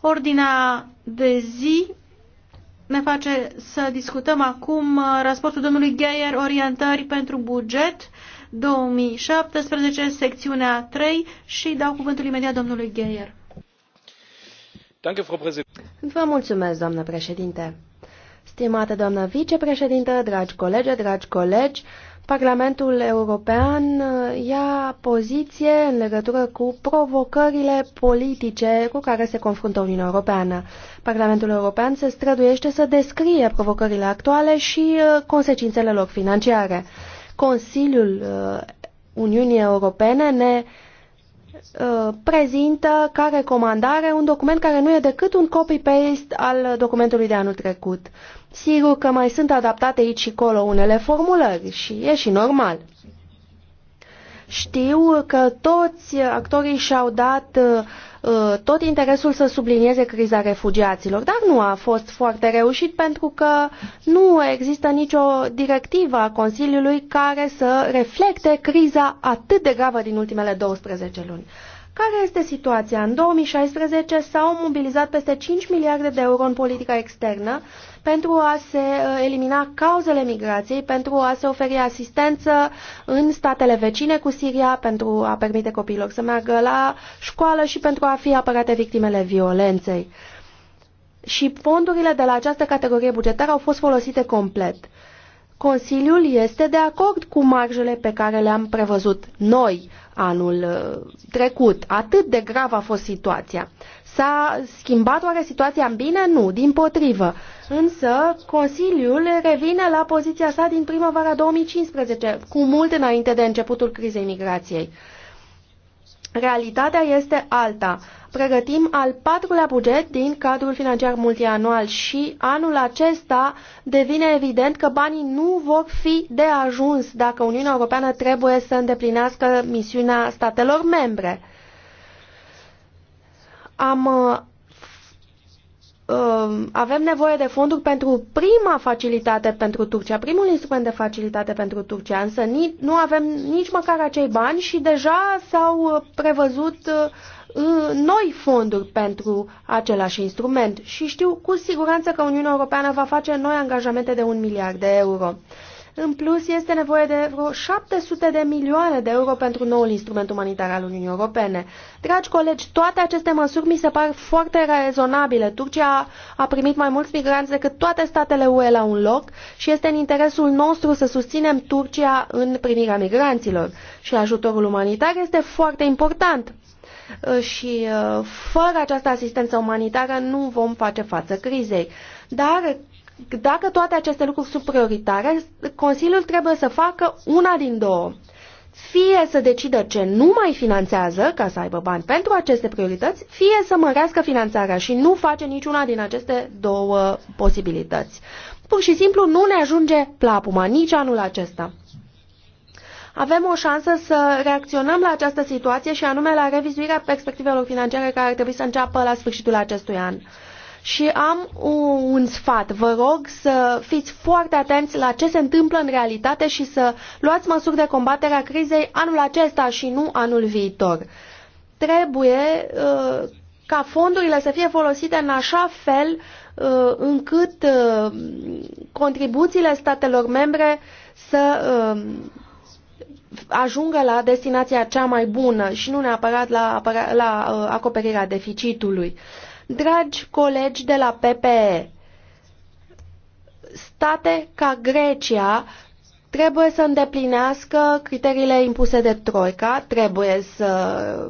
Ordinea de zi ne face să discutăm acum uh, raportul domnului Geier, orientări pentru buget 2017, secțiunea 3 și dau cuvântul imediat domnului Geier. Vă mulțumesc, doamnă președinte. Stimată doamnă vicepreședintă, dragi colegi, dragi colegi, Parlamentul European uh, ia poziție în legătură cu provocările politice cu care se confruntă Uniunea Europeană. Parlamentul European se străduiește să descrie provocările actuale și uh, consecințele lor financiare. Consiliul uh, Uniunii Europene ne prezintă ca recomandare un document care nu e decât un copy-paste al documentului de anul trecut. Sigur că mai sunt adaptate aici și colo unele formulări și e și normal. Știu că toți actorii și-au dat uh, tot interesul să sublinieze criza refugiaților, dar nu a fost foarte reușit pentru că nu există nicio directivă a Consiliului care să reflecte criza atât de gravă din ultimele 12 luni. Care este situația? În 2016 s-au mobilizat peste 5 miliarde de euro în politica externă, pentru a se uh, elimina cauzele migrației, pentru a se oferi asistență în statele vecine cu Siria, pentru a permite copiilor să meargă la școală și pentru a fi apărate victimele violenței. Și fondurile de la această categorie bugetară au fost folosite complet. Consiliul este de acord cu marjele pe care le-am prevăzut noi anul uh, trecut. Atât de grav a fost situația. S-a schimbat oare situația în bine? Nu, din potrivă. Însă, Consiliul revine la poziția sa din primăvara 2015, cu mult înainte de începutul crizei migrației. Realitatea este alta. Pregătim al patrulea buget din cadrul financiar multianual și anul acesta devine evident că banii nu vor fi de ajuns dacă Uniunea Europeană trebuie să îndeplinească misiunea statelor membre am uh, uh, avem nevoie de fonduri pentru prima facilitate pentru Turcia, primul instrument de facilitate pentru Turcia, însă ni, nu avem nici măcar acei bani și deja s-au uh, prevăzut noi fonduri pentru același instrument și știu cu siguranță că Uniunea Europeană va face noi angajamente de un miliard de euro. În plus, este nevoie de vreo 700 de milioane de euro pentru noul instrument umanitar al Uniunii Europene. Dragi colegi, toate aceste măsuri mi se par foarte rezonabile. Turcia a primit mai mulți migranți decât toate statele UE la un loc și este în interesul nostru să susținem Turcia în primirea migranților. Și ajutorul umanitar este foarte important. Uh, și uh, fără această asistență umanitară nu vom face față crizei. Dar dacă toate aceste lucruri sunt prioritare, Consiliul trebuie să facă una din două. Fie să decidă ce nu mai finanțează ca să aibă bani pentru aceste priorități, fie să mărească finanțarea și nu face niciuna din aceste două posibilități. Pur și simplu nu ne ajunge plapuma nici anul acesta avem o șansă să reacționăm la această situație și anume la revizuirea perspectivelor financiare care ar trebui să înceapă la sfârșitul acestui an. Și am un sfat, vă rog să fiți foarte atenți la ce se întâmplă în realitate și să luați măsuri de combatere a crizei anul acesta și nu anul viitor. Trebuie uh, ca fondurile să fie folosite în așa fel uh, încât uh, contribuțiile statelor membre să uh, ajungă la destinația cea mai bună și nu neapărat la, la uh, acoperirea deficitului. Dragi colegi de la PPE, state ca Grecia trebuie să îndeplinească criteriile impuse de Troica, trebuie să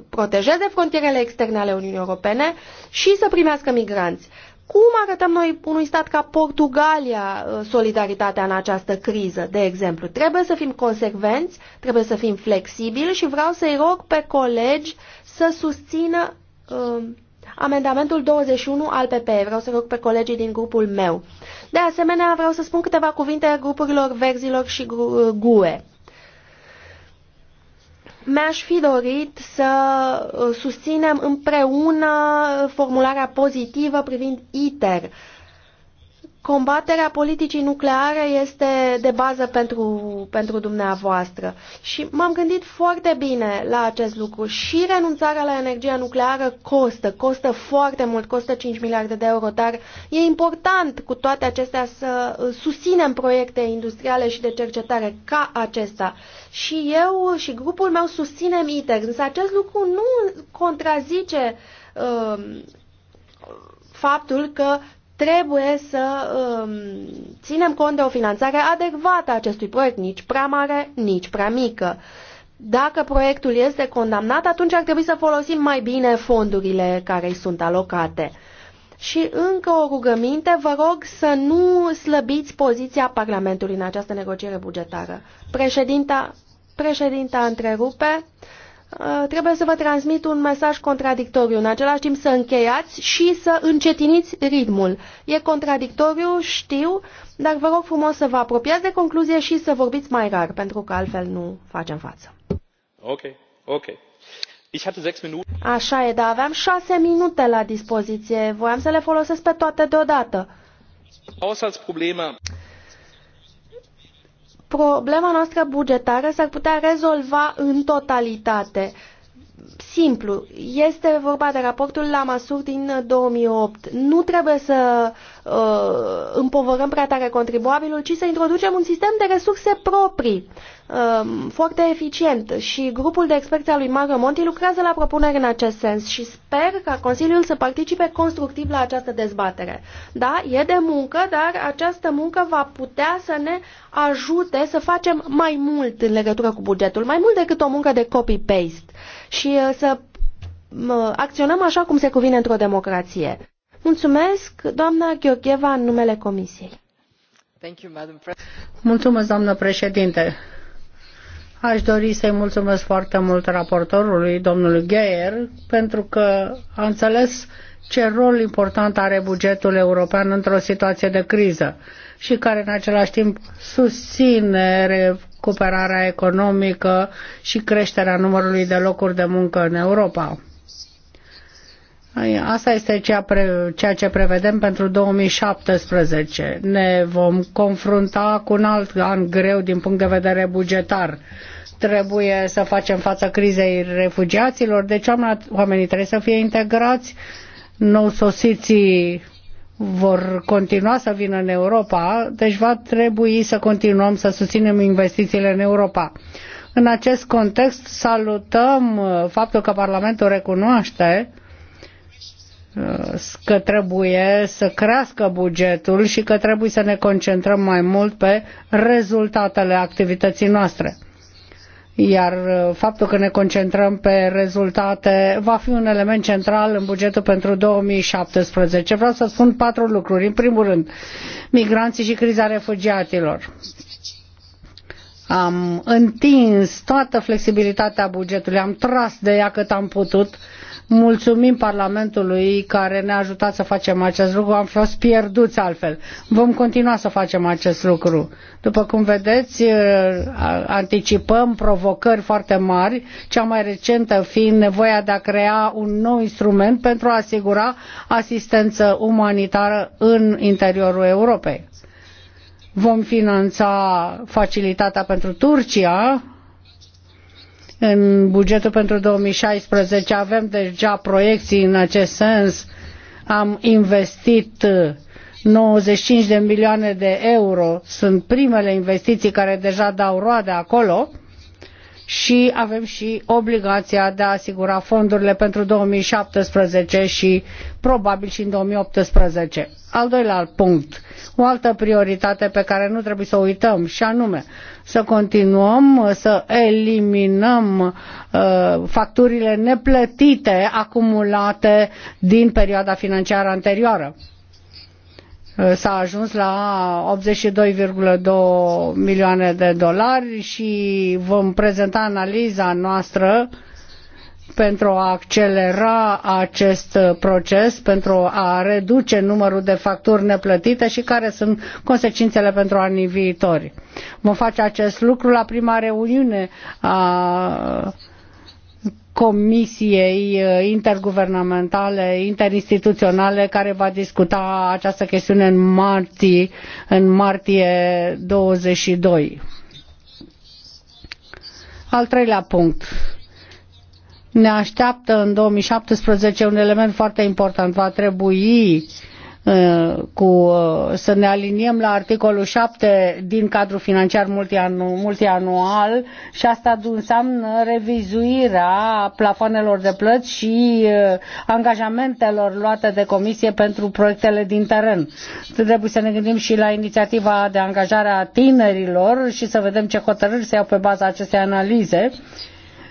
protejeze frontierele externe ale Uniunii Europene și să primească migranți. Cum arătăm noi unui stat ca Portugalia uh, solidaritatea în această criză, de exemplu? Trebuie să fim consecvenți, trebuie să fim flexibili și vreau să-i rog pe colegi să susțină uh, amendamentul 21 al PPE. Vreau să rog pe colegii din grupul meu. De asemenea, vreau să spun câteva cuvinte grupurilor verzilor și GUE. Uh, mi-aș fi dorit să uh, susținem împreună formularea pozitivă privind ITER Combaterea politicii nucleare este de bază pentru, pentru dumneavoastră și m-am gândit foarte bine la acest lucru și renunțarea la energia nucleară costă, costă foarte mult, costă 5 miliarde de euro, dar e important cu toate acestea să uh, susținem proiecte industriale și de cercetare ca acesta. Și eu și grupul meu susținem ITER, însă acest lucru nu contrazice uh, faptul că trebuie să um, ținem cont de o finanțare adecvată a acestui proiect, nici prea mare, nici prea mică. Dacă proiectul este condamnat, atunci ar trebui să folosim mai bine fondurile care îi sunt alocate. Și încă o rugăminte, vă rog să nu slăbiți poziția Parlamentului în această negociere bugetară. Președinta, președinta întrerupe. Uh, trebuie să vă transmit un mesaj contradictoriu, în același timp să încheiați și să încetiniți ritmul. E contradictoriu, știu, dar vă rog frumos să vă apropiați de concluzie și să vorbiți mai rar, pentru că altfel nu facem față. Ok, ok. Ich hatte sechs minute. Așa e, dar aveam șase minute la dispoziție. Voiam să le folosesc pe toate deodată. Haushaltsprobleme problema noastră bugetară s-ar putea rezolva în totalitate. Simplu, este vorba de raportul la măsuri din 2008. Nu trebuie să uh, uh, împovărăm prea tare contribuabilul, ci să introducem un sistem de resurse proprii, uh, foarte eficient. Și grupul de experți al lui Mario Monti lucrează la propuneri în acest sens și sper ca Consiliul să participe constructiv la această dezbatere. Da, e de muncă, dar această muncă va putea să ne ajute să facem mai mult în legătură cu bugetul, mai mult decât o muncă de copy-paste și uh, să uh, acționăm așa cum se cuvine într-o democrație. Mulțumesc, doamna Gheorgheva, în numele Comisiei. Mulțumesc, doamnă președinte. Aș dori să-i mulțumesc foarte mult raportorului, domnul Geier, pentru că a înțeles ce rol important are bugetul european într-o situație de criză și care în același timp susține recuperarea economică și creșterea numărului de locuri de muncă în Europa. Asta este ceea ce prevedem pentru 2017. Ne vom confrunta cu un alt an greu din punct de vedere bugetar. Trebuie să facem față crizei refugiaților, deci oamenii trebuie să fie integrați, nou sosiții vor continua să vină în Europa, deci va trebui să continuăm să susținem investițiile în Europa. În acest context salutăm faptul că Parlamentul recunoaște uh, că trebuie să crească bugetul și că trebuie să ne concentrăm mai mult pe rezultatele activității noastre. Iar uh, faptul că ne concentrăm pe rezultate va fi un element central în bugetul pentru 2017. Vreau să spun patru lucruri. În primul rând, migranții și criza refugiatilor. Am întins toată flexibilitatea bugetului, am tras de ea cât am putut uh, Mulțumim Parlamentului care ne-a ajutat să facem acest lucru. Am fost pierduți altfel. Vom continua să facem acest lucru. După cum vedeți, eh, anticipăm provocări foarte mari, cea mai recentă fiind nevoia de a crea un nou instrument pentru a asigura asistență umanitară în interiorul Europei. Vom finanța facilitatea pentru Turcia, în bugetul pentru 2016 avem deja proiecții în acest sens. Am investit 95 de milioane de euro. Sunt primele investiții care deja dau roade acolo și avem și obligația de a asigura fondurile pentru 2017 și probabil și în 2018. Al doilea punct, o altă prioritate pe care nu trebuie să o uităm și anume să continuăm să eliminăm uh, facturile neplătite acumulate din perioada financiară anterioară Uh, s-a ajuns la 82,2 milioane de dolari și vom prezenta analiza noastră pentru a accelera acest proces, pentru a reduce numărul de facturi neplătite și care sunt consecințele pentru anii viitori. Vom face acest lucru la prima reuniune a Comisiei uh, interguvernamentale, interinstituționale, care va discuta această chestiune în martie, în martie 22. Al treilea punct. Ne așteaptă în 2017 un element foarte important. Va trebui uh, Uh, cu, uh, să ne aliniem la articolul 7 din cadrul financiar multianual și asta înseamnă revizuirea plafoanelor de plăți și uh, angajamentelor luate de comisie pentru proiectele din teren. Trebuie să ne gândim și la inițiativa de angajare a tinerilor și să vedem ce hotărâri se iau pe baza acestei analize. Uh,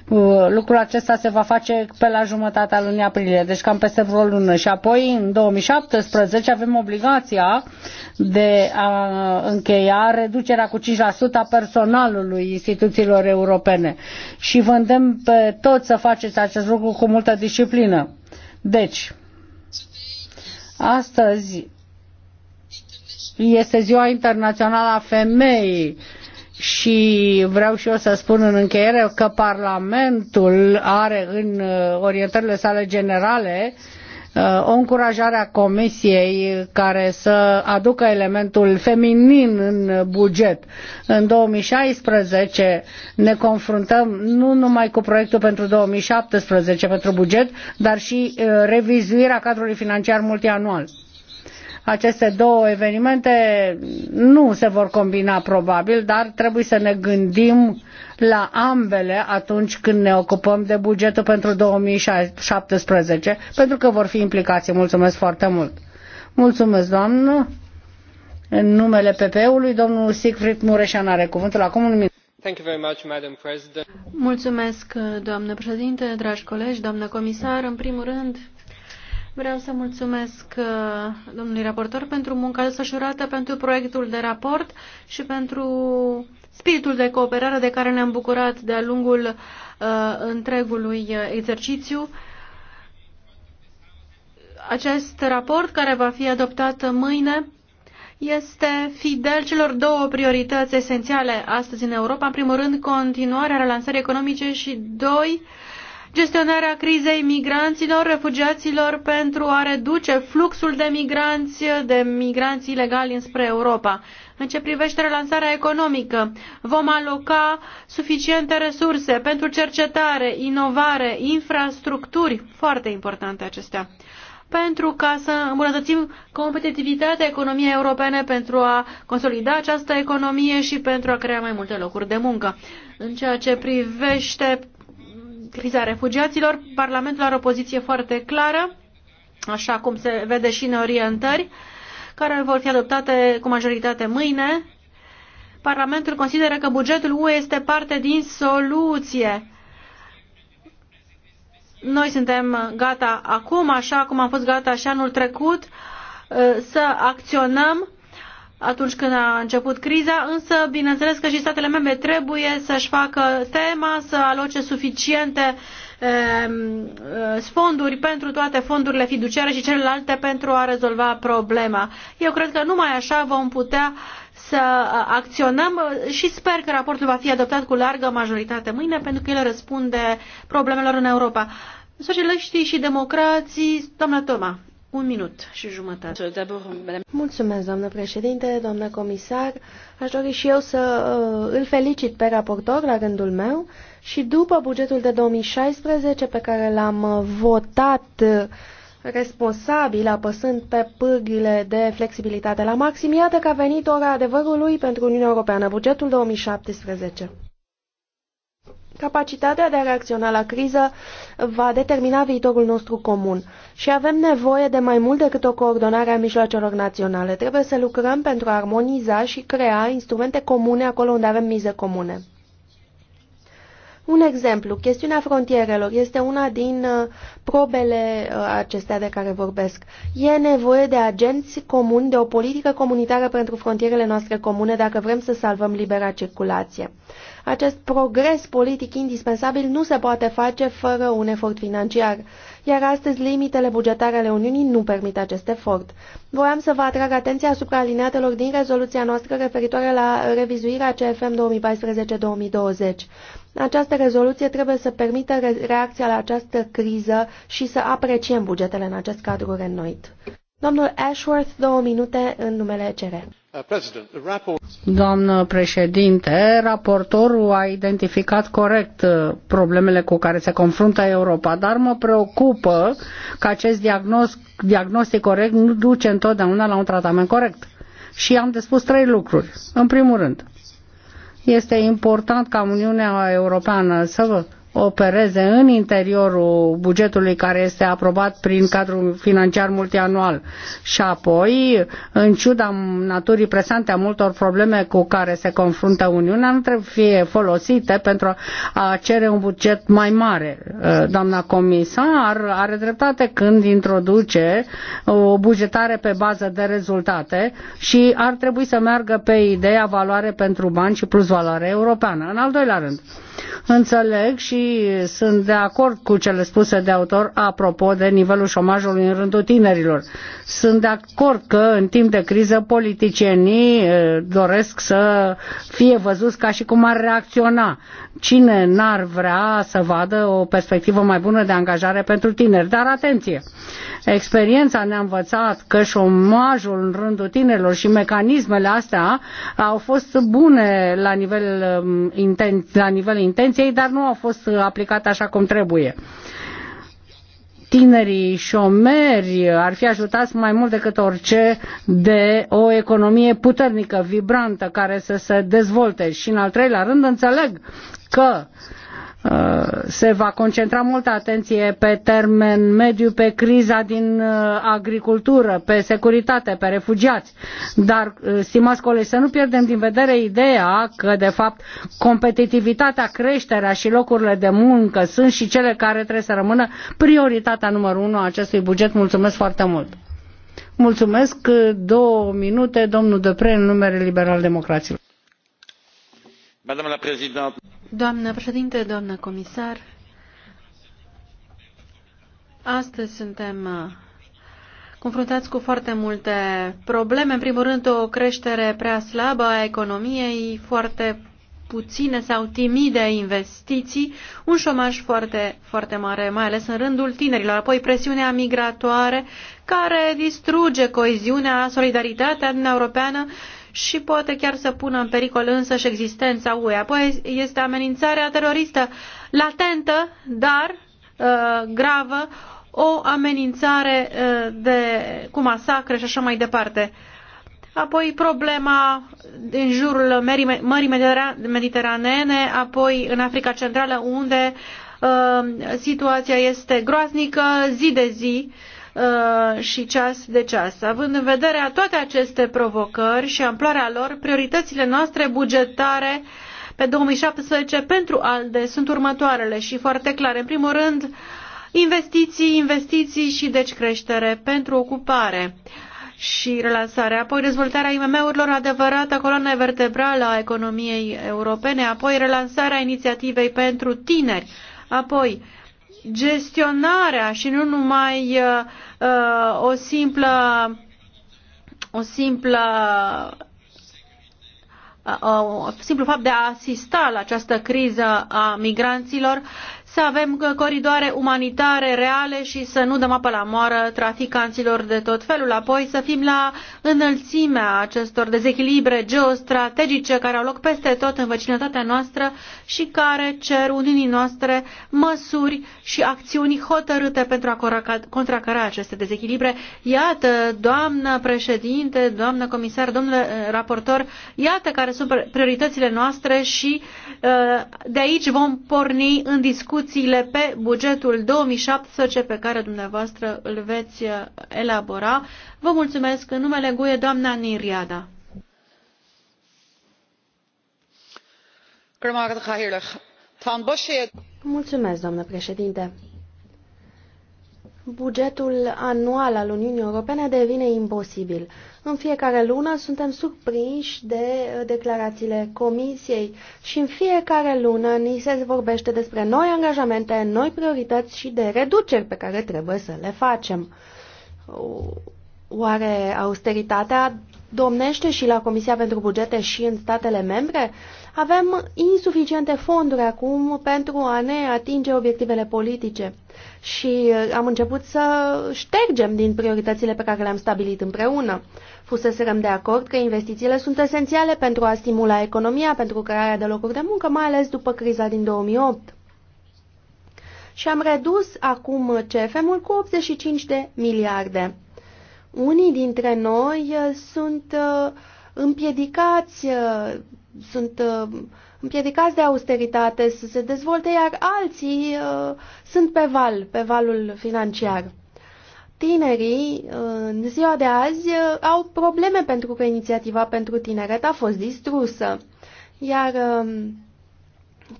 Uh, lucrul acesta se va face pe la jumătatea lunii aprilie, deci cam peste vreo lună. Și apoi, în 2017, avem obligația de a încheia reducerea cu 5% a personalului instituțiilor europene. Și vă îndemn pe toți să faceți acest lucru cu multă disciplină. Deci, astăzi este ziua internațională a femeii și vreau și eu să spun în încheiere că Parlamentul are în uh, orientările sale generale uh, o încurajare a Comisiei care să aducă elementul feminin în buget. În 2016 ne confruntăm nu numai cu proiectul pentru 2017 pentru buget, dar și uh, revizuirea cadrului financiar multianual aceste două evenimente nu se vor combina probabil, dar trebuie să ne gândim la ambele atunci când ne ocupăm de bugetul pentru 2017, pentru că vor fi implicații. Mulțumesc foarte mult! Mulțumesc, doamnă! În numele PP-ului, domnul Siegfried Mureșan are cuvântul acum un minut. Mulțumesc, doamnă președinte, dragi colegi, doamnă comisar. În primul rând, Vreau să mulțumesc uh, domnului raportor pentru munca desfășurată, pentru proiectul de raport și pentru spiritul de cooperare de care ne-am bucurat de-a lungul uh, întregului uh, exercițiu. Acest raport, care va fi adoptat mâine, este fidel celor două priorități esențiale astăzi în Europa. În primul rând, continuarea relansării economice și, doi, uh, gestionarea crizei migranților, refugiaților pentru a reduce fluxul de migranți, de migranți ilegali înspre Europa. În ce privește relansarea economică, vom aloca suficiente resurse pentru cercetare, inovare, infrastructuri, foarte importante acestea pentru ca să îmbunătățim competitivitatea economiei europene, pentru a consolida această economie și pentru a crea mai multe locuri de muncă. În ceea ce privește criza refugiaților. Parlamentul are o poziție foarte clară, așa cum se vede și în orientări, care vor fi adoptate cu majoritate mâine. Parlamentul consideră că bugetul UE este parte din soluție. Noi suntem gata acum, așa cum am fost gata și anul trecut, să acționăm atunci când a început criza, însă bineînțeles că și statele membre trebuie să-și facă tema, să aloce suficiente ehm, eh, fonduri pentru toate fondurile fiduciare și celelalte pentru a rezolva problema. Eu cred că numai așa vom putea să eh, acționăm eh, și sper că raportul va fi adoptat cu largă majoritate mâine pentru că el răspunde problemelor în Europa. Socialiștii și democrații, doamna Toma, un minut și jumătate. Mulțumesc, doamnă președinte, doamnă comisar. Aș dori și eu să uh, îl felicit pe raportor la rândul meu și după bugetul de 2016 pe care l-am uh, votat uh, responsabil apăsând pe pârghile de flexibilitate la maxim, iată că a venit ora adevărului pentru Uniunea Europeană, bugetul 2017. Capacitatea de a reacționa la criză va determina viitorul nostru comun și avem nevoie de mai mult decât o coordonare a mijloacelor naționale. Trebuie să lucrăm pentru a armoniza și crea instrumente comune acolo unde avem mize comune. Un exemplu, chestiunea frontierelor este una din uh, probele uh, acestea de care vorbesc. E nevoie de agenți comuni, de o politică comunitară pentru frontierele noastre comune dacă vrem să salvăm libera circulație. Acest progres politic indispensabil nu se poate face fără un efort financiar, iar astăzi limitele bugetare ale Uniunii nu permit acest efort. Voiam să vă atrag atenția asupra alineatelor din rezoluția noastră referitoare la revizuirea CFM 2014-2020. Această rezoluție trebuie să permită reacția la această criză și să apreciem bugetele în acest cadru renoit. Domnul Ashworth, două minute în numele CR. Uh, Doamnă președinte, raportorul a identificat corect uh, problemele cu care se confruntă Europa, dar mă preocupă că acest diagnostic, diagnostic corect nu duce întotdeauna la un tratament corect. Și am de spus trei lucruri. În primul rând, este important ca Uniunea Europeană să opereze în interiorul bugetului care este aprobat prin cadrul financiar multianual. Și apoi, în ciuda naturii presante a multor probleme cu care se confruntă Uniunea, nu trebuie fie folosite pentru a cere un buget mai mare. Uh, doamna comisar are dreptate când introduce o bugetare pe bază de rezultate și ar trebui să meargă pe ideea valoare pentru bani și plus valoare europeană. În al doilea rând, Înțeleg și sunt de acord cu cele spuse de autor apropo de nivelul șomajului în rândul tinerilor. Sunt de acord că în timp de criză politicienii eh, doresc să fie văzuți ca și cum ar reacționa. Cine n-ar vrea să vadă o perspectivă mai bună de angajare pentru tineri? Dar atenție! Experiența ne-a învățat că șomajul în rândul tinerilor și mecanismele astea au fost bune la nivel, mm, la nivel intens intenției, dar nu au fost aplicate așa cum trebuie tinerii șomeri ar fi ajutați mai mult decât orice de o economie puternică, vibrantă, care să se dezvolte. Și în al treilea rând înțeleg că Uh, se va concentra multă atenție pe termen mediu, pe criza din uh, agricultură, pe securitate, pe refugiați. Dar, uh, stimați colegi, să nu pierdem din vedere ideea că, de fapt, competitivitatea, creșterea și locurile de muncă sunt și cele care trebuie să rămână prioritatea numărul unu a acestui buget. Mulțumesc foarte mult! Mulțumesc. Două minute, domnul Depre, în numele Liberal Democraților. Doamnă președinte, doamnă comisar, astăzi suntem uh, confruntați cu foarte multe probleme. În primul rând, o creștere prea slabă a economiei, foarte puține sau timide investiții, un șomaj foarte, foarte mare, mai ales în rândul tinerilor, apoi presiunea migratoare care distruge coeziunea, solidaritatea Europeană și poate chiar să pună în pericol însăși existența UE. Apoi este amenințarea teroristă latentă, dar uh, gravă, o amenințare uh, de, cu masacre și așa mai departe. Apoi problema din jurul Mării, Mediterane, apoi în Africa Centrală, unde uh, situația este groaznică zi de zi. Uh, Uh, și ceas de ceas. Având în vedere toate aceste provocări și amploarea lor, prioritățile noastre bugetare pe 2017 pentru ALDE sunt următoarele și foarte clare. În primul rând, investiții, investiții și deci creștere pentru ocupare și relansare. apoi dezvoltarea IMM-urilor adevărată coloană vertebrală a economiei europene, apoi relansarea inițiativei pentru tineri, apoi gestionarea și nu numai uh, o simplă o simplă uh, simplu fapt de a asista la această criză a migranților să avem uh, coridoare umanitare reale și să nu dăm apă la moară traficanților de tot felul, apoi să fim la înălțimea acestor dezechilibre geostrategice care au loc peste tot în vecinătatea noastră și care cer Uniunii noastre măsuri și acțiuni hotărâte pentru a contracara aceste dezechilibre. Iată, doamnă președinte, doamnă comisar, domnule uh, raportor, iată care sunt prioritățile noastre și uh, de aici vom porni în discuție discuțiile pe bugetul 2017 pe care dumneavoastră îl veți uh, elabora. Vă mulțumesc în numele GUE, doamna Niriada. Mulțumesc, doamnă președinte bugetul anual al Uniunii Europene devine imposibil. În fiecare lună suntem surprinși de uh, declarațiile Comisiei și în fiecare lună ni se vorbește despre noi angajamente, noi priorități și de reduceri pe care trebuie să le facem. Oare austeritatea domnește și la Comisia pentru Bugete și în statele membre? Avem insuficiente fonduri acum pentru a ne atinge obiectivele politice și uh, am început să ștergem din prioritățile pe care le-am stabilit împreună. Fuseserăm de acord că investițiile sunt esențiale pentru a stimula economia, pentru crearea de locuri de muncă, mai ales după criza din 2008. Și am redus acum CFM-ul cu 85 de miliarde. Unii dintre noi uh, sunt uh, împiedicați sunt uh, împiedicați de austeritate să se dezvolte, iar alții uh, sunt pe val, pe valul financiar. Tinerii, în ziua de azi, uh, au probleme pentru că inițiativa pentru tineret a fost distrusă. Iar um,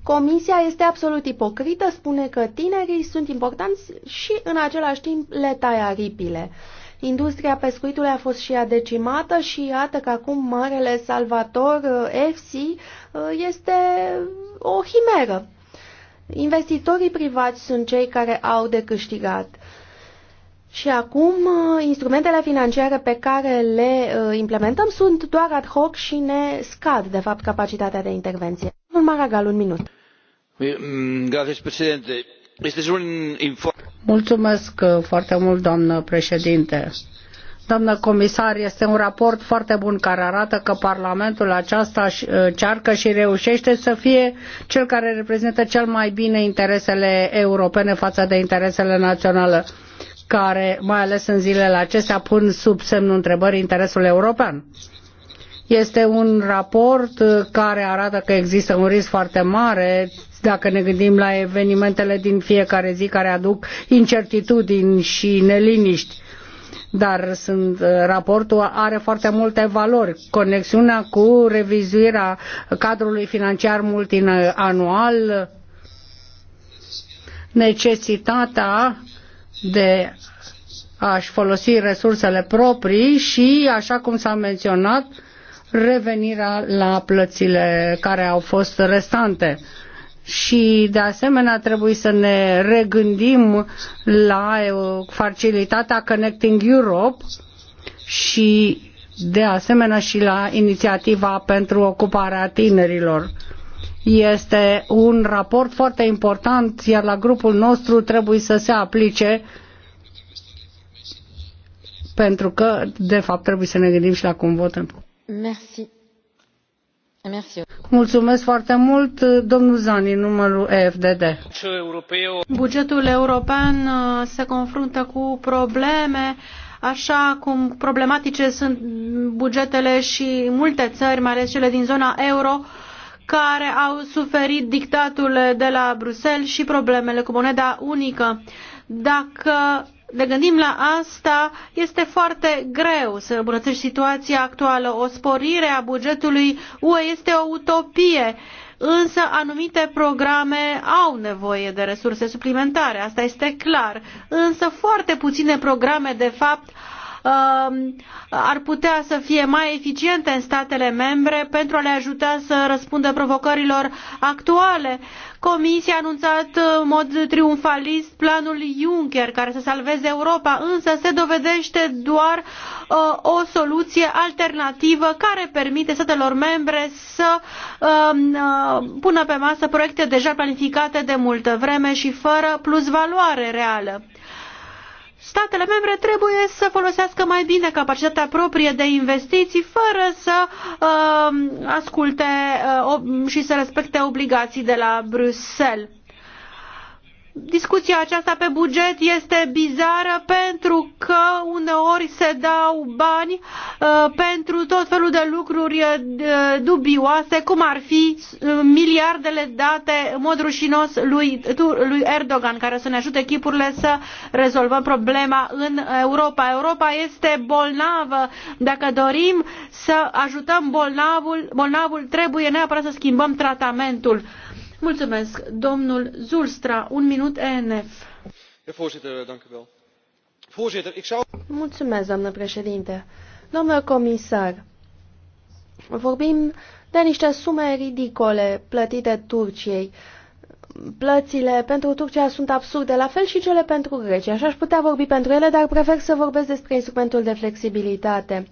Comisia este absolut ipocrită, spune că tinerii sunt importanți și în același timp le tai aripile. Industria pescuitului a fost și ea decimată și iată că acum marele salvator uh, FC uh, este o himeră. Investitorii privați sunt cei care au de câștigat. Și acum, uh, instrumentele financiare pe care le implementăm sunt doar ad hoc și ne scad, de fapt, capacitatea de intervenție. Domnul Maragal, un minut. Mm, Grazie, președinte. Mulțumesc uh, foarte mult, doamnă președinte. Doamnă comisar, este un raport foarte bun care arată că Parlamentul acesta uh, încearcă și reușește să fie cel care reprezintă cel mai bine interesele europene față de interesele naționale, care, mai ales în zilele acestea, pun sub semnul întrebării interesul european. Este un raport uh, care arată că există un risc foarte mare dacă ne gândim la evenimentele din fiecare zi care aduc incertitudini și neliniști dar sunt, uh, raportul are foarte multe valori. Conexiunea cu revizuirea cadrului financiar multianual, necesitatea de a-și folosi resursele proprii și, așa cum s-a menționat, revenirea la plățile care au fost restante. Și de asemenea trebuie să ne regândim la facilitatea Connecting Europe și de asemenea și la inițiativa pentru ocuparea tinerilor. Este un raport foarte important, iar la grupul nostru trebuie să se aplice pentru că, de fapt, trebuie să ne gândim și la cum votăm. Mulțumesc foarte mult, domnul Zani, numărul Bugetul european uh, se confruntă cu probleme așa cum problematice sunt bugetele și multe țări, mai ales cele din zona euro, care au suferit dictatul de la Bruxelles și problemele cu moneda unică. Dacă ne gândim la asta, este foarte greu să îmbunătățești situația actuală. O sporire a bugetului UE este o utopie, însă anumite programe au nevoie de resurse suplimentare, asta este clar. Însă foarte puține programe, de fapt, Um, ar putea să fie mai eficiente în statele membre pentru a le ajuta să răspundă provocărilor actuale. Comisia a anunțat în mod triumfalist planul Juncker care să salveze Europa, însă se dovedește doar uh, o soluție alternativă care permite statelor membre să um, uh, pună pe masă proiecte deja planificate de multă vreme și fără plusvaloare reală statele membre trebuie să folosească mai bine capacitatea proprie de investiții fără să uh, asculte uh, și să respecte obligații de la Bruxelles. Discuția aceasta pe buget este bizară pentru că uneori se dau bani uh, pentru tot felul de lucruri uh, dubioase, cum ar fi uh, miliardele date în mod rușinos lui, lui Erdogan, care să ne ajute chipurile să rezolvăm problema în Europa. Europa este bolnavă. Dacă dorim să ajutăm bolnavul, bolnavul trebuie neapărat să schimbăm tratamentul. Uh, Mulțumesc. Domnul Zulstra, un minut ENF. Mulțumesc, doamnă președinte. Domnul comisar, vorbim de niște sume ridicole plătite Turciei. Plățile pentru Turcia sunt absurde, la fel și cele pentru Grecia. Așa aș putea vorbi pentru ele, dar prefer să vorbesc despre instrumentul de flexibilitate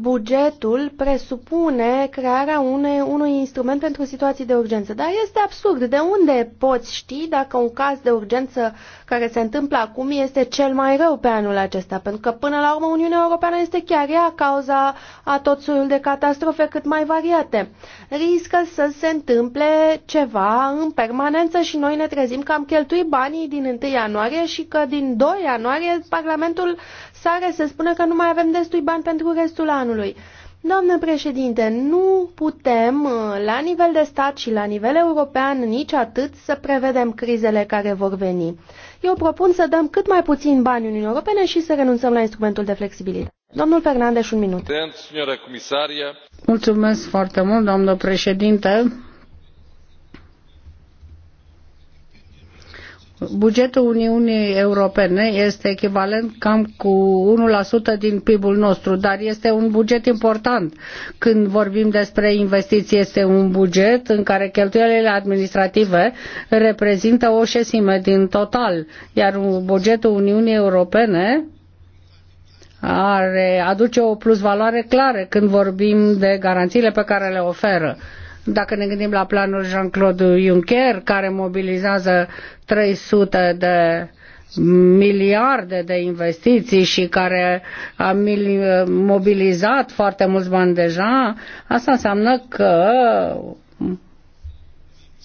bugetul presupune crearea unei, unui instrument pentru situații de urgență. Dar este absurd. De unde poți ști dacă un caz de urgență care se întâmplă acum este cel mai rău pe anul acesta? Pentru că, până la urmă, Uniunea Europeană este chiar ea cauza a tot soiul de catastrofe cât mai variate. Riscă să se întâmple ceva în permanență și noi ne trezim că am cheltuit banii din 1 ianuarie și că din 2 ianuarie Parlamentul sare se spune că nu mai avem destui bani pentru restul anului. Doamnă președinte, nu putem, uh, la nivel de stat și la nivel european, nici atât să prevedem crizele care vor veni. Eu propun să dăm cât mai puțin bani Uniunii Europene și să renunțăm la instrumentul de flexibilitate. Domnul Fernandez, un minut. Mulțumesc foarte mult, doamnă președinte. Bugetul Uniunii Europene este echivalent cam cu 1% din PIB-ul nostru, dar este un buget important. Când vorbim despre investiții, este un buget în care cheltuielile administrative reprezintă o șesime din total, iar bugetul Uniunii Europene are, aduce o plusvaloare clară când vorbim de garanțiile pe care le oferă. Dacă ne gândim la planul Jean-Claude Juncker, care mobilizează 300 de miliarde de investiții și care a mobilizat foarte mulți bani deja, asta înseamnă că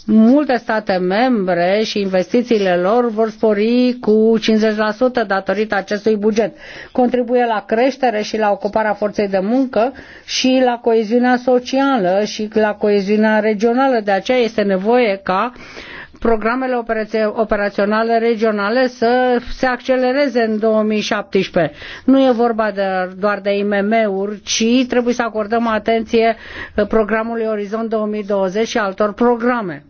multe state membre și investițiile lor vor spori cu 50% datorită acestui buget. Contribuie la creștere și la ocuparea forței de muncă și la coeziunea socială și la coeziunea regională. De aceea este nevoie ca programele operaționale regionale să se accelereze în 2017. Nu e vorba de, doar de IMM-uri, ci trebuie să acordăm atenție programului Orizont 2020 și altor programe.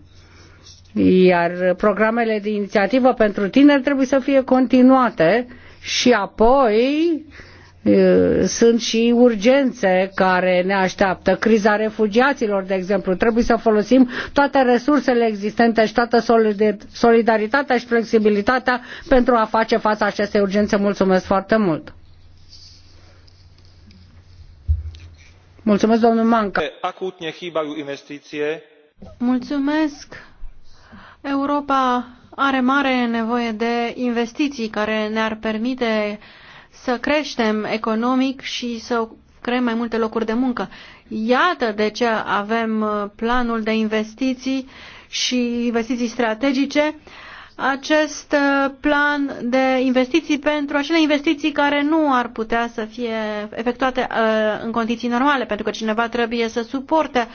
Iar programele de inițiativă pentru tineri trebuie să fie continuate și apoi sunt și urgențe care ne așteaptă. Criza refugiaților, de exemplu, trebuie să folosim toate resursele existente și toată solidaritatea și flexibilitatea pentru a face față acestei urgențe. Mulțumesc foarte mult! Mulțumesc, domnul Manca! Mulțumesc! Europa are mare nevoie de investiții care ne-ar permite să creștem economic și să creăm mai multe locuri de muncă. Iată de ce avem uh, planul de investiții și investiții strategice acest uh, plan de investiții pentru acele investiții care nu ar putea să fie efectuate uh, în condiții normale, pentru că cineva trebuie să suporte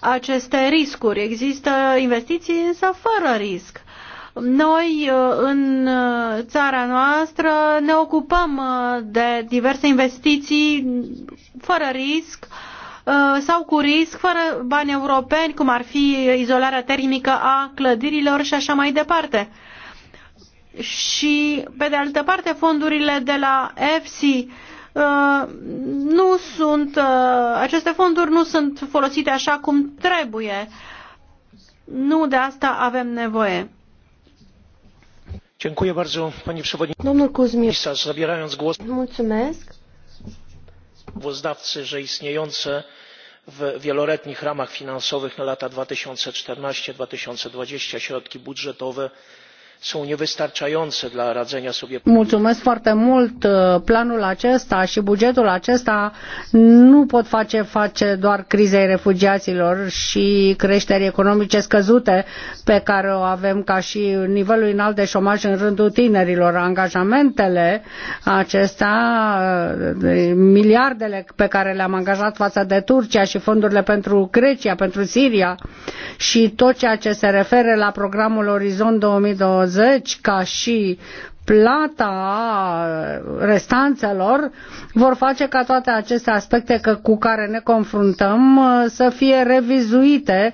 aceste riscuri. Există investiții însă fără risc. Noi uh, în țara noastră ne ocupăm de diverse investiții fără risc, Uh, sau cu risc, fără bani europeni, cum ar fi izolarea termică a clădirilor și așa mai departe. Și, pe de altă parte, fondurile de la EFSI uh, nu sunt, uh, aceste fonduri nu sunt folosite așa cum trebuie. Nu de asta avem nevoie. Mulțumesc sprawozdawcy że istniejące w wieloletnich ramach finansowych na lata dwa tysiące czternaście dwa tysiące dwadzieścia środki budżetowe są niewystarczające dla radzenia sobie. Mulțumesc foarte mult. Uh, planul acesta și bugetul acesta nu pot face face doar crizei refugiaților și creșterii economice scăzute pe care o avem ca și nivelul înalt de șomaj în rândul tinerilor. Angajamentele acestea, uh, miliardele pe care le-am angajat față de Turcia și fondurile pentru Grecia, pentru Siria și tot ceea ce se referă la programul Orizont 2020 2020 ca și plata restanțelor vor face ca toate aceste aspecte că, cu care ne confruntăm uh, să fie revizuite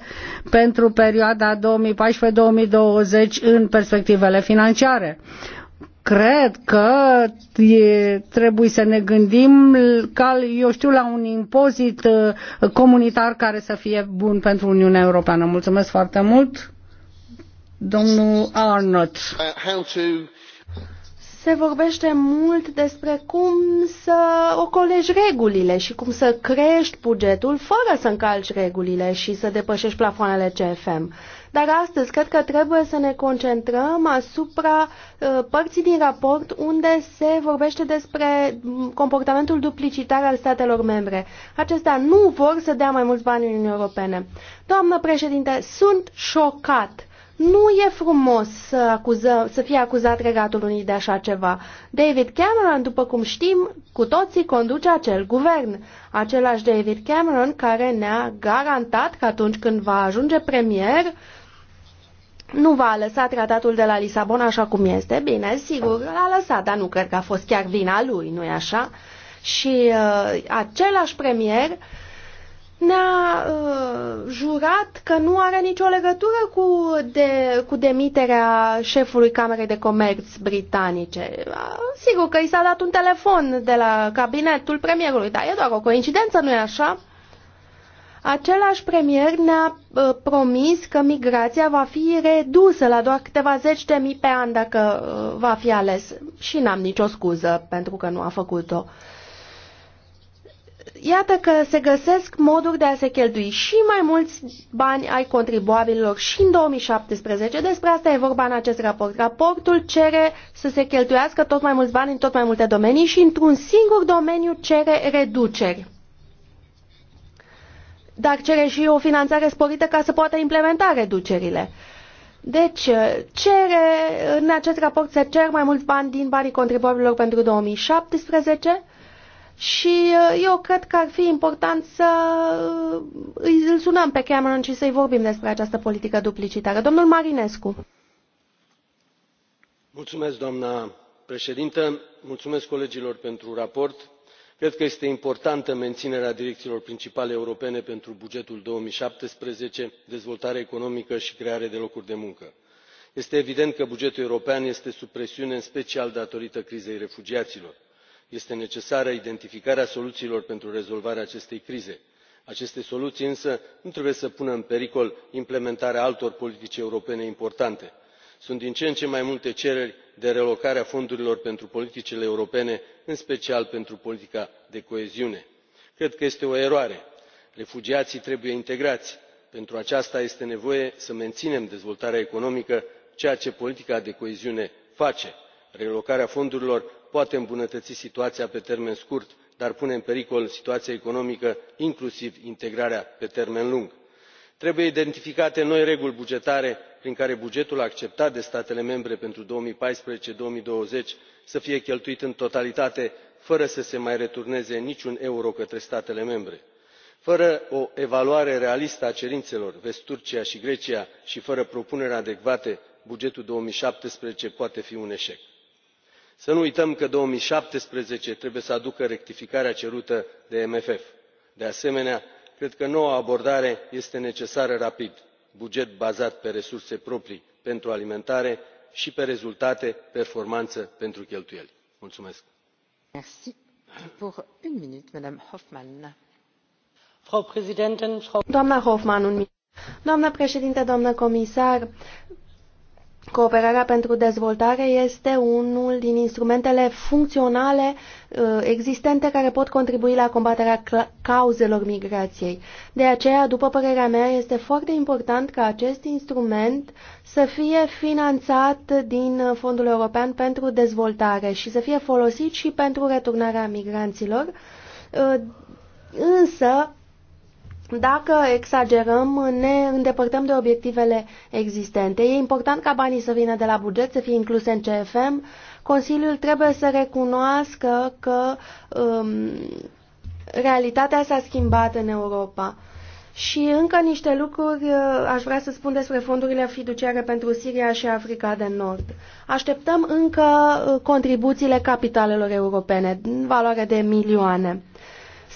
pentru perioada 2014-2020 în perspectivele financiare. Cred că e, trebuie să ne gândim ca, eu știu, la un impozit uh, comunitar care să fie bun pentru Uniunea Europeană. Mulțumesc foarte mult! Uh, se vorbește mult despre cum să ocolești regulile și cum să crești bugetul fără să încalci regulile și să depășești plafoanele CFM. Dar astăzi cred că trebuie să ne concentrăm asupra uh, părții din raport unde se vorbește despre mm, comportamentul duplicitar al statelor membre. Acestea nu vor să dea mai mulți bani în Uniunea Europene. Doamnă președinte, sunt șocat nu e frumos să, acuză, să fie acuzat Regatul unii de așa ceva. David Cameron, după cum știm, cu toții conduce acel guvern. Același David Cameron care ne-a garantat că atunci când va ajunge premier, nu va lăsa tratatul de la Lisabona așa cum este. Bine, sigur, l-a lăsat, dar nu cred că a fost chiar vina lui, nu-i așa? Și uh, același premier uh, ne-a uh, jurat că nu are nicio legătură cu, de, cu demiterea șefului Camerei de Comerț britanice. Uh, sigur că i s-a dat un telefon de la cabinetul premierului, dar e doar o coincidență, nu e așa? Același premier ne-a uh, promis că migrația va fi redusă la doar câteva zeci de mii pe an dacă uh, va fi ales și n-am nicio scuză pentru că nu a făcut-o. Uh, iată că se găsesc moduri de a se cheltui și mai mulți bani ai contribuabililor și în 2017. Despre asta e vorba în acest raport. Raportul cere să se cheltuiască tot mai mulți bani în tot mai multe domenii și într-un singur domeniu cere reduceri. Dar cere și o finanțare sporită ca să poată implementa reducerile. Deci, cere, în acest raport se cer mai mulți bani din banii contribuabililor pentru 2017 și uh, eu cred că ar fi important să uh, îl sunăm pe Cameron și să-i vorbim despre această politică duplicitară. Domnul Marinescu. Mulțumesc, doamna președintă. Mulțumesc colegilor pentru raport. Cred că este importantă menținerea direcțiilor principale europene pentru bugetul 2017, dezvoltare economică și creare de locuri de muncă. Este evident că bugetul european este sub presiune, în special datorită crizei refugiaților este necesară identificarea soluțiilor pentru rezolvarea acestei crize. aceste soluții însă nu trebuie să pună în pericol implementarea altor politici europene importante. sunt din ce în ce mai multe cereri de relocare a fondurilor pentru politicile europene în special pentru politica de coeziune. cred că este o eroare. refugiații trebuie integrați. pentru aceasta este nevoie să menținem dezvoltarea economică ceea ce politica de coeziune face relocarea fondurilor poate îmbunătăți situația pe termen scurt dar pune în pericol situația economică inclusiv integrarea pe termen lung. trebuie identificate noi reguli bugetare prin care bugetul acceptat de statele membre pentru două mii paisprezece două mii douăzeci să fie cheltuit în totalitate fără să se mai returneze niciun euro către statele membre. fără o evaluare realistă a cerințelor vest turcia și grecia și fără propuneri adecvate bugetul două mii șaptesprezece poate fi un eșec să nu uităm că două mii șaptesprezece trebuie să aducă rectificarea cerută de cfm. de asemenea cred că noua abordare este necesară rapid buget bazat pe resurse proprii pentru alimentare și pe rezultate performanță pentru cheltuieli. mulțumesc. doamnă președintă doamnă comisar cred că Cooperarea pentru dezvoltare este unul din instrumentele funcționale uh, existente care pot contribui la combaterea cauzelor migrației. De aceea, după părerea mea, este foarte important ca acest instrument să fie finanțat din Fondul European pentru Dezvoltare și să fie folosit și pentru returnarea migranților, uh, însă dacă exagerăm, ne îndepărtăm de obiectivele existente. E important ca banii să vină de la buget, să fie incluse în CFM. Consiliul trebuie să recunoască că um, realitatea s-a schimbat în Europa. Și încă niște lucruri uh, aș vrea să spun despre fondurile fiduciare pentru Siria și Africa de Nord. Așteptăm încă uh, contribuțiile capitalelor europene, în valoare de milioane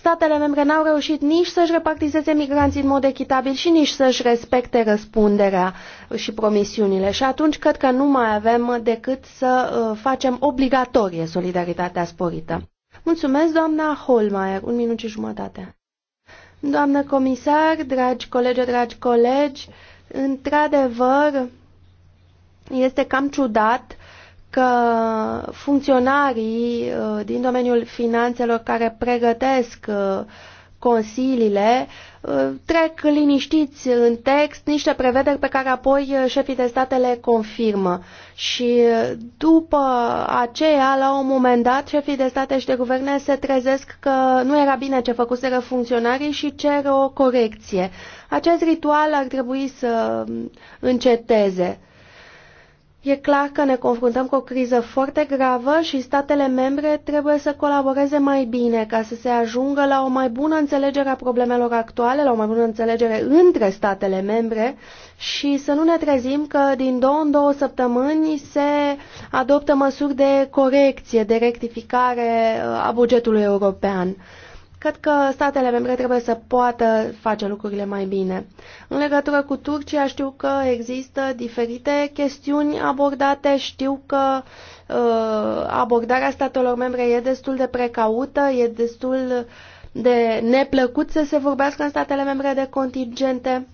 statele membre n-au reușit nici să-și repartizeze migranții în mod echitabil și nici să-și respecte răspunderea și promisiunile. Și atunci cred că nu mai avem decât să uh, facem obligatorie solidaritatea sporită. Mulțumesc, doamna Holmeier. Un minut și jumătate. Doamnă comisar, dragi colegi, dragi colegi, într-adevăr, este cam ciudat că funcționarii uh, din domeniul finanțelor care pregătesc uh, consiliile uh, trec liniștiți în text niște prevederi pe care apoi șefii de state le confirmă. Și după aceea, la un moment dat, șefii de state și de guverne se trezesc că nu era bine ce făcuseră funcționarii și cer o corecție. Acest ritual ar trebui să um, înceteze. E clar că ne confruntăm cu o criză foarte gravă și statele membre trebuie să colaboreze mai bine ca să se ajungă la o mai bună înțelegere a problemelor actuale, la o mai bună înțelegere între statele membre și să nu ne trezim că din două în două săptămâni se adoptă măsuri de corecție, de rectificare uh, a bugetului european. Cred că statele membre trebuie să poată face lucrurile mai bine. În legătură cu Turcia știu că există diferite chestiuni abordate, știu că uh, abordarea statelor membre e destul de precaută, e destul de neplăcut să se vorbească în statele membre de contingente.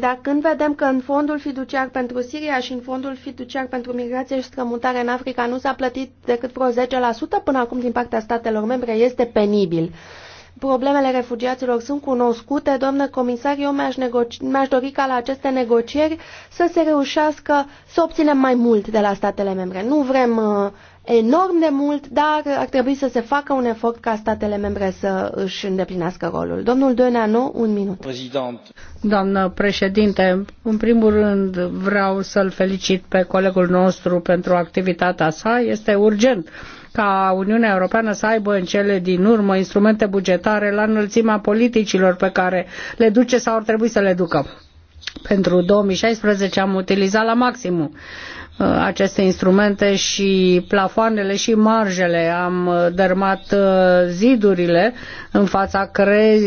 Dar când vedem că în fondul fiduciar pentru Siria și în fondul fiduciar pentru migrație și strămutare în Africa nu s-a plătit decât vreo 10% până acum din partea statelor membre, este penibil. Problemele refugiaților sunt cunoscute, doamnă comisar, eu mi-aș, negoci- mi dori ca la aceste negocieri să se reușească să obținem mai mult de la statele membre. Nu vrem uh, enorm de mult, dar ar trebui să se facă un efort ca statele membre să își îndeplinească rolul. Domnul Dăneanu, un minut. Prezident. Doamnă președinte, în primul rând vreau să-l felicit pe colegul nostru pentru activitatea sa. Este urgent ca Uniunea Europeană să aibă în cele din urmă instrumente bugetare la înălțimea politicilor pe care le duce sau ar trebui să le ducă. Pentru 2016 am utilizat la maximum Uh, aceste instrumente și plafoanele și marjele. Am uh, dermat uh, zidurile în fața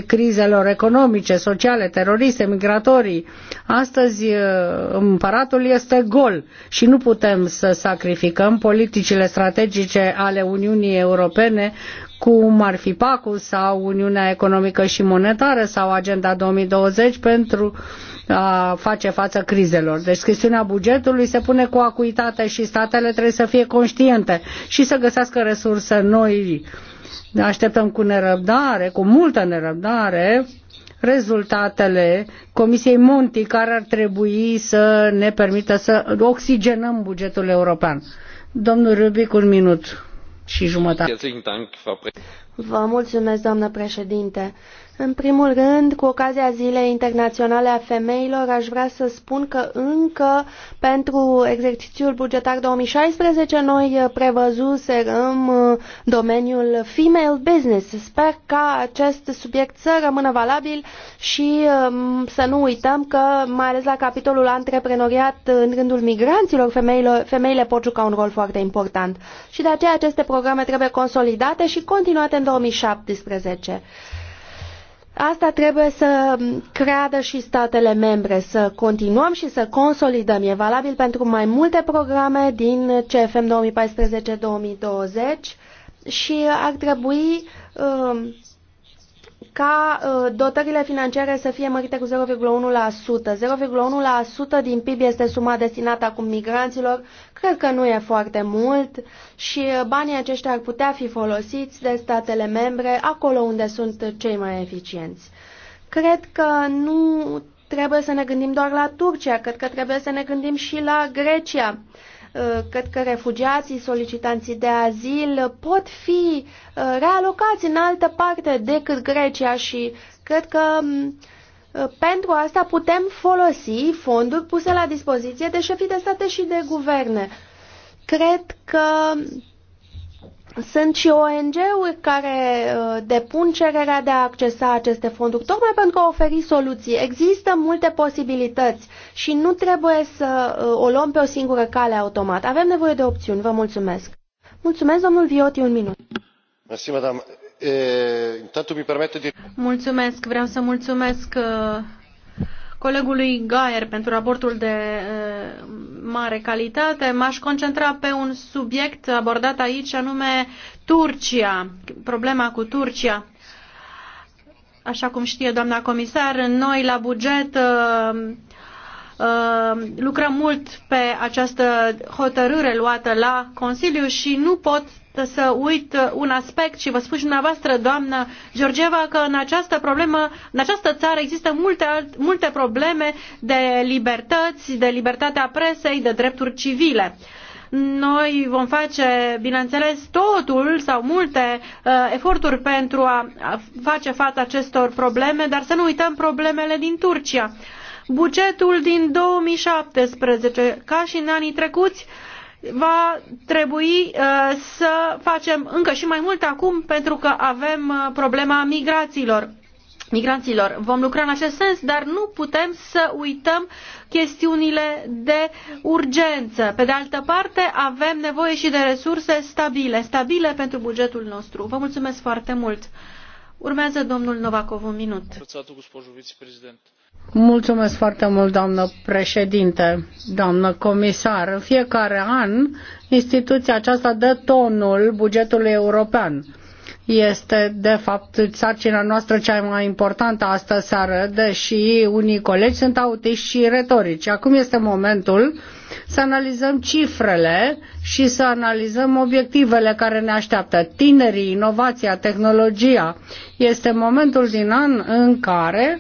crizelor economice, sociale, teroriste, migratorii. Astăzi împăratul este gol și nu putem să sacrificăm politicile strategice ale Uniunii Europene cum ar fi PACU sau Uniunea Economică și Monetară sau Agenda 2020 pentru uh, a face față crizelor. Deci chestiunea bugetului se pune cu acuitate și statele trebuie să fie conștiente și să găsească resurse noi. Așteptăm cu nerăbdare, cu multă nerăbdare, rezultatele Comisiei Monti, care ar trebui să ne permită să oxigenăm bugetul european. Domnul Rubic, un minut și jumătate. Vă mulțumesc, doamnă președinte. În primul rând, cu ocazia Zilei Internaționale a Femeilor, aș vrea să spun că încă pentru exercițiul bugetar 2016 noi prevăzuserăm uh, domeniul female business. Sper ca acest subiect să rămână valabil și um, să nu uităm că, mai ales la capitolul antreprenoriat în rândul migranților, femeilor, femeile pot juca un rol foarte important. Și de aceea aceste programe trebuie consolidate și continuate în 2017. Asta trebuie să creadă și statele membre, să continuăm și să consolidăm. E valabil pentru mai multe programe din CFM 2014-2020 și ar trebui uh, ca uh, dotările financiare să fie mărite cu 0,1%. 0,1% din PIB este suma destinată acum migranților. Cred că nu e foarte mult și uh, banii aceștia ar putea fi folosiți de statele membre acolo unde sunt cei mai eficienți. Cred că nu trebuie să ne gândim doar la Turcia, cred că trebuie să ne gândim și la Grecia. Uh, Uh, cred că refugiații, solicitanții de azil pot fi uh, realocați în altă parte decât Grecia și cred că um, uh, pentru asta putem folosi fonduri puse la dispoziție de șefii de state și de guverne. Cred că sunt și ONG-uri care uh, depun cererea de a accesa aceste fonduri, tocmai pentru a oferi soluții. Există multe posibilități și nu trebuie să uh, o luăm pe o singură cale automat. Avem nevoie de opțiuni. Vă mulțumesc. Mulțumesc, domnul Vioti, un minut. Mersi, madame. Mulțumesc. Vreau să mulțumesc uh, colegului Gaier pentru raportul de uh, mare calitate. M-aș concentra pe un subiect abordat aici, anume Turcia, problema cu Turcia. Așa cum știe doamna comisar, noi la buget uh, uh, lucrăm mult pe această hotărâre luată la Consiliu și nu pot să uit uh, un aspect și vă spun și dumneavoastră, doamnă Georgieva, că în această problemă, în această țară există multe, multe probleme de libertăți, de libertatea presei, de drepturi civile noi vom face, bineînțeles, totul sau multe uh, eforturi pentru a face față acestor probleme, dar să nu uităm problemele din Turcia. Bugetul din 2017, ca și în anii trecuți, uh, va trebui uh, să facem încă și mai mult acum pentru că avem uh, problema migrațiilor migranților. Vom lucra în acest sens, dar nu putem să uităm chestiunile de urgență. Pe de altă parte, avem nevoie și de resurse stabile, stabile pentru bugetul nostru. Vă mulțumesc foarte mult. Urmează domnul Novakov un minut. Mulțumesc foarte mult, doamnă președinte, doamnă comisar. În fiecare an, instituția aceasta dă tonul bugetului european. Este, de fapt, sarcina noastră cea mai importantă astă seară, deși unii colegi sunt autiști și retorici. Acum este momentul să analizăm cifrele și să analizăm obiectivele care ne așteaptă. Tinerii, inovația, tehnologia. Este momentul din an în care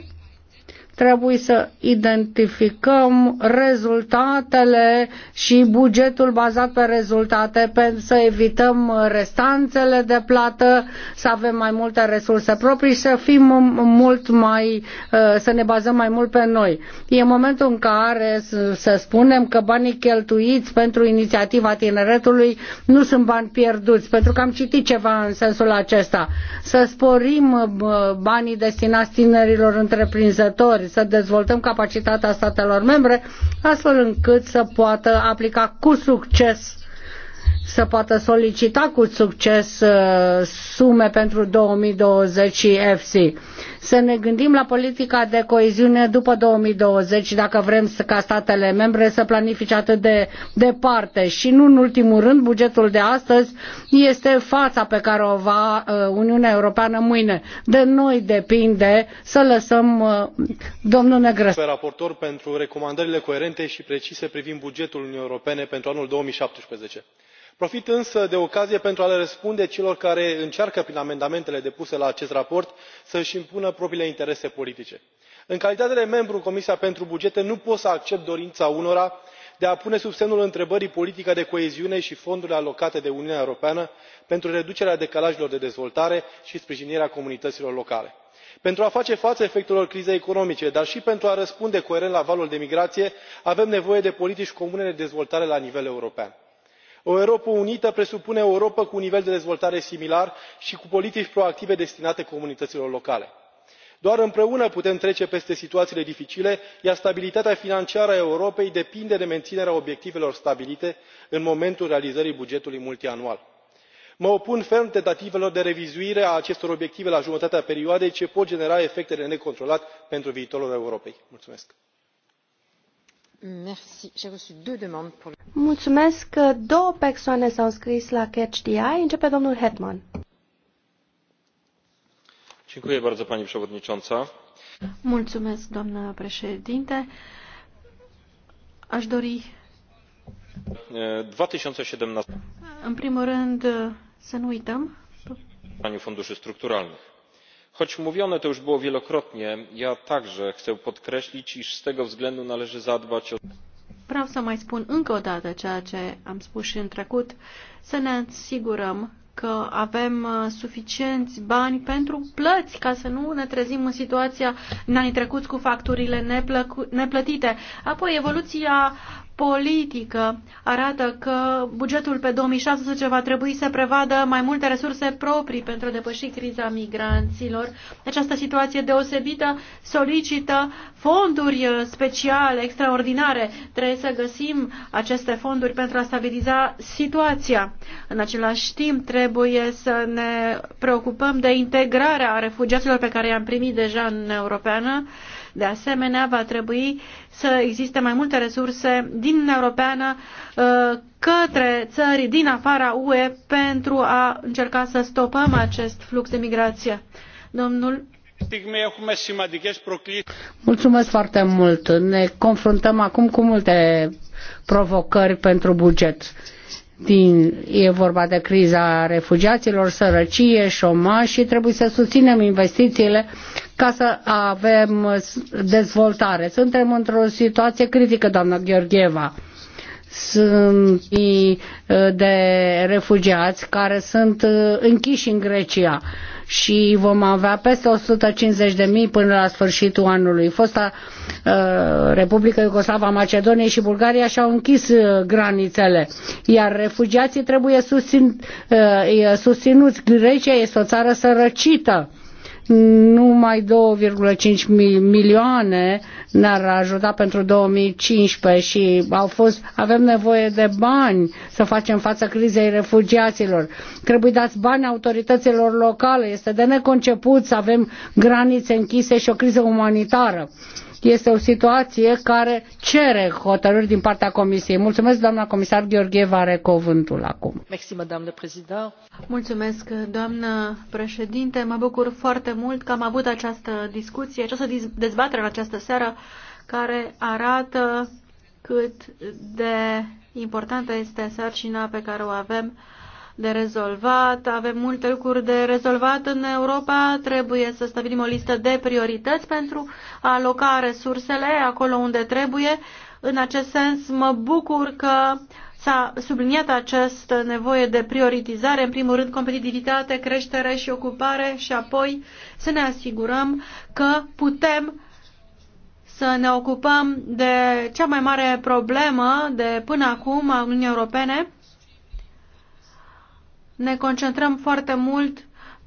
trebuie să identificăm rezultatele și bugetul bazat pe rezultate pentru să evităm restanțele de plată, să avem mai multe resurse proprii și să fim mult mai, uh, să ne bazăm mai mult pe noi. E momentul în care să spunem că banii cheltuiți pentru inițiativa tineretului nu sunt bani pierduți, pentru că am citit ceva în sensul acesta. Să sporim uh, banii destinați tinerilor întreprinzători, să dezvoltăm capacitatea statelor membre, astfel încât să poată aplica cu succes să poată solicita cu succes uh, sume pentru 2020 și Să ne gândim la politica de coeziune după 2020 dacă vrem ca statele membre să planifice atât de departe. Și nu în ultimul rând, bugetul de astăzi este fața pe care o va uh, Uniunea Europeană mâine. De noi depinde să lăsăm uh, domnul Negrescu. Pe raportor pentru recomandările coerente și precise privind bugetul Uniunii Europene pentru anul 2017 profit însă de ocazie pentru a le răspunde celor care încearcă prin amendamentele depuse la acest raport să își impună propriile interese politice. în calitate de membru în comisia pentru bugete nu pot să accept dorința unora de a pune sub semnul întrebării politica de coeziune și fondurile alocate de uniunea europeană pentru reducerea decalajelor de dezvoltare și sprijinirea comunităților locale. pentru a face față efectelor crizei economice dar și pentru a răspunde coerent la valul de migrație avem nevoie de politici comune de dezvoltare la nivel european o europă unită presupune o europă cu un nivel de dezvoltare similar și cu politici proactive destinate comunităților locale. doar împreună putem trece peste situațiile dificile iar stabilitatea financiară a europei depinde de menținerea obiectivelor stabilite în momentul realizării bugetului multianual. mă opun ferm tentativelor de revizuire a acestor obiective la jumătatea perioadei ce pot genera efecte de necontrolat pentru viitorul europei. mulțumesc. Mulțumesc. Două persoane s-au scris la Catch the Eye. Începe domnul Hetman. Mulțumesc, doamnă președinte. Aș dori... 2017. În primul rând, să nu uităm... ...Funduszy structuralnych choć mówione to już było wielokrotnie ja także chcę podkreślić iż z tego względu należy zadbać o. vreau să mai spun încă o dată ceea ce am spus și în trecut să ne asigurăm că avem uh, suficienți bani pentru plăți, ca să nu ne trezim în situația în anii trecuți cu facturile neplăcu- neplătite. Apoi, evoluția politică arată că bugetul pe 2016 va trebui să prevadă mai multe resurse proprii pentru a depăși criza migranților. Această situație deosebită solicită fonduri uh, speciale, extraordinare. Trebuie să găsim aceste fonduri pentru a stabiliza situația. În același timp trebuie să ne preocupăm de integrarea refugiaților pe care i-am primit deja în Europeană de asemenea, va trebui să existe mai multe resurse din Uniunea Europeană uh, către țări din afara UE pentru a încerca să stopăm acest flux de migrație. Domnul Mulțumesc foarte mult. Ne confruntăm acum cu multe provocări pentru buget. Din, e vorba de criza refugiaților, sărăcie, șomaj și trebuie să susținem investițiile ca să avem dezvoltare. Suntem într-o situație critică, doamna Gheorgheva sunt de refugiați care sunt uh, închiși în Grecia și vom avea peste 150.000 până la sfârșitul anului. Fosta uh, Republica Iugoslava, Macedonia și Bulgaria și-au închis uh, granițele, iar refugiații trebuie susțin, uh, susținuți. Grecia este o țară sărăcită. Uh, numai 2,5 milioane ne-ar ajuta pentru 2015 și au fost, avem nevoie de bani să facem față crizei refugiaților. Trebuie dați bani autorităților locale. Este de neconceput să avem granițe închise și o criză umanitară. Este o situație care cere hotărâri din partea Comisiei. Mulțumesc, doamna comisar Gheorgheva, are cuvântul acum. Mulțumesc, doamnă președinte. Mă bucur foarte mult că am avut această discuție, această dezbatere în această seară, care arată cât de importantă este sarcina pe care o avem de rezolvat, avem multe lucruri de rezolvat în Europa, trebuie să stabilim o listă de priorități pentru a aloca resursele acolo unde trebuie. În acest sens mă bucur că s-a subliniat această nevoie de prioritizare, în primul rând competitivitate, creștere și ocupare și apoi să ne asigurăm că putem să ne ocupăm de cea mai mare problemă de până acum a Uniunii Europene, ne concentrăm foarte mult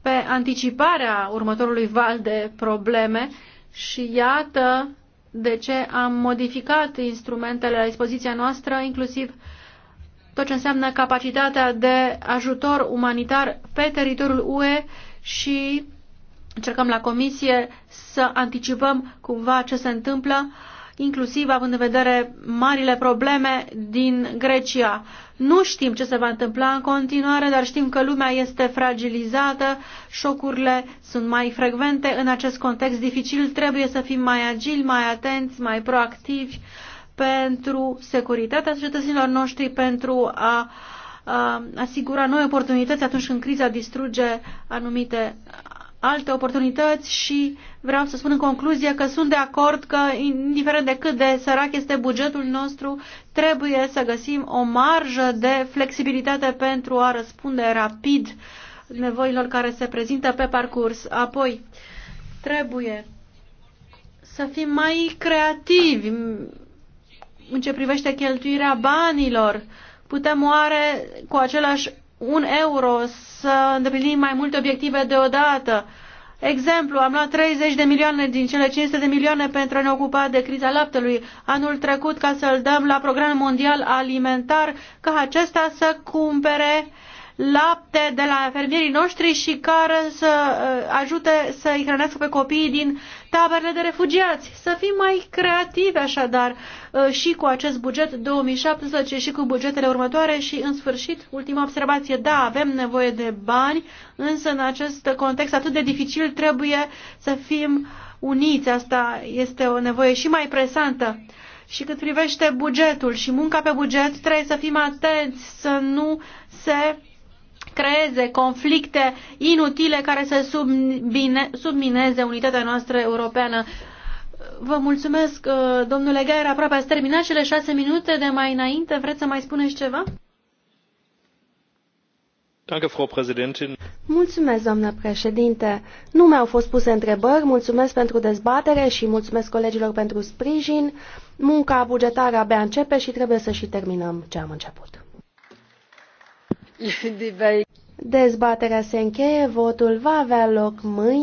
pe anticiparea următorului val de probleme și iată de ce am modificat instrumentele la dispoziția noastră, inclusiv tot ce înseamnă capacitatea de ajutor umanitar pe teritoriul UE și încercăm la comisie să anticipăm cumva ce se întâmplă uh, inclusiv având în vedere marile probleme din Grecia. Nu știm ce se va întâmpla în continuare, dar știm că lumea este fragilizată, șocurile sunt mai frecvente. În acest context dificil trebuie să fim mai agili, mai atenți, mai proactivi pentru securitatea cetățenilor noștri, pentru a, a asigura noi oportunități atunci când criza distruge anumite alte oportunități și Vreau să spun în concluzie că sunt de acord că, indiferent de cât de sărac este bugetul nostru, trebuie să găsim o marjă de flexibilitate pentru a răspunde rapid nevoilor care se prezintă pe parcurs. Apoi, trebuie să fim mai creativi în ce privește cheltuirea banilor. Putem oare cu același un euro să îndeplinim mai multe obiective deodată? Exemplu, am luat 30 de milioane din cele 500 de milioane pentru a ne ocupa de criza laptelui anul trecut ca să-l dăm la programul mondial alimentar ca acesta să cumpere uh, lapte de la fermierii noștri și care să uh, ajute să îi hrănească pe copiii din taberele de refugiați. Să fim mai creativi așadar uh, și cu acest buget 2017 și cu bugetele următoare și în sfârșit, ultima observație, da, avem nevoie de bani, însă în acest context atât de dificil trebuie să fim uniți. Asta este o nevoie și mai presantă. Și cât privește bugetul și munca pe buget, trebuie să fim atenți să nu se creeze conflicte inutile care să submine, submineze unitatea noastră europeană. Vă mulțumesc, uh, domnule Gaier, aproape ați terminat cele șase minute de mai înainte. Vreți să mai spuneți ceva? Mulțumesc, doamnă președinte. Nu mi-au fost puse întrebări, mulțumesc pentru dezbatere și mulțumesc colegilor pentru sprijin. Munca bugetară abia începe și trebuie să și terminăm ce am început. Dezbaterea se încheie, votul va avea loc mâine.